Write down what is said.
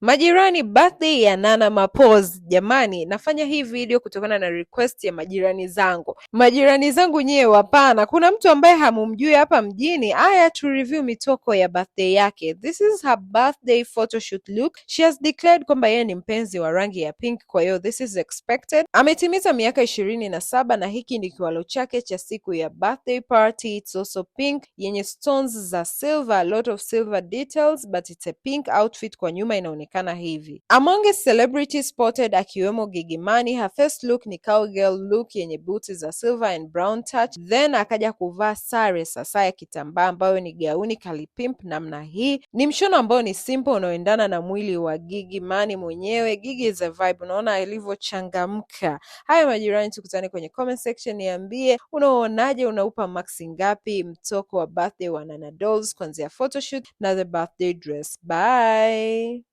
Majirani birthday ya Nana Mapoz. jamani, nafanya hii video kutokana na request ya majirani zangu. Majirani zangu nyewe, hapana, kuna mtu ambaye hamumjui hapa mjini. Aya, tu review mitoko ya birthday yake. This is her birthday photoshoot look. She has declared kwamba yeye ni mpenzi wa rangi ya pink, kwa hiyo this is expected. Ametimiza miaka ishirini na saba na hiki ni kiwalo chake cha siku ya birthday party. It's also pink yenye stones za silver, a lot of silver details but it's a pink outfit. Kwa nyuma inaonekana inaonekana hivi. Among celebrities spotted akiwemo Gigy Money, her first look ni cowgirl look yenye buti za silver and brown touch, then akaja kuvaa sare sasa ya kitambaa ambayo ni gauni kalipimp namna hii. Ni mshono ambao ni simple unaoendana na mwili wa Gigy Money mwenyewe. Gigy is a vibe, unaona ilivyochangamka. Haya majirani, tukutane kwenye comment section, niambie unaonaje, unaupa maxi ngapi mtoko wa birthday wa Nana Dolls kuanzia photoshoot na the birthday dress. Bye.